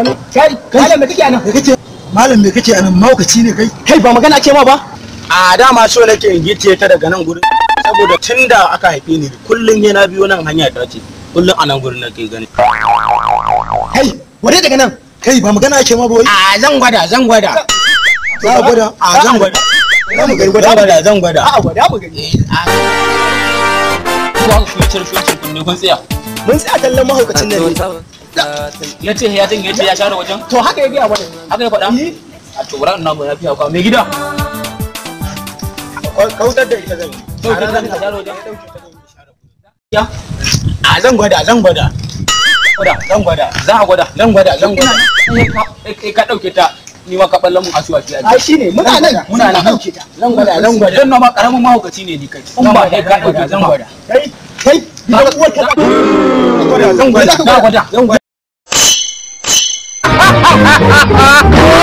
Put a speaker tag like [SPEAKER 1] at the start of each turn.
[SPEAKER 1] anan kai malam me kake anan kake malam me kake anan maukaci ne kai kai ba magana ce ma ba a dama so nake in gice ta daga nan gurin saboda tunda aka haife ni kullun yana biyo nan hanya ta
[SPEAKER 2] ce kullun anan gurin nake gani
[SPEAKER 3] kai ware daga nan kai ba magana ce ma boye a zan gwada zan gwada za a gwada a zan gwada za mu gari gwada zan gwada a gwada mu gari eh, a ku future future kun ne kun
[SPEAKER 1] tsaya mun tsaya tallan mahaukacin nan ne ya ce ya ya ce ya share wajen to haka ya biya wani haka ya faɗa eh. a to ran na ya biya kwa mai gida kautar da ita zan ya a zan gwada zan gwada gwada zan gwada za a gwada zan gwada zan gwada eh, eh, ka ɗauke ta ni ma ka ballan mun asuwa fi shi ne,
[SPEAKER 4] muna nan muna nan dauke ta zan gwada zan gwada dan na ma mahaukaci ne ni kai in ba kai ka zan gwada kai kai gwada zan gwada
[SPEAKER 1] zan gwada 哈哈哈哈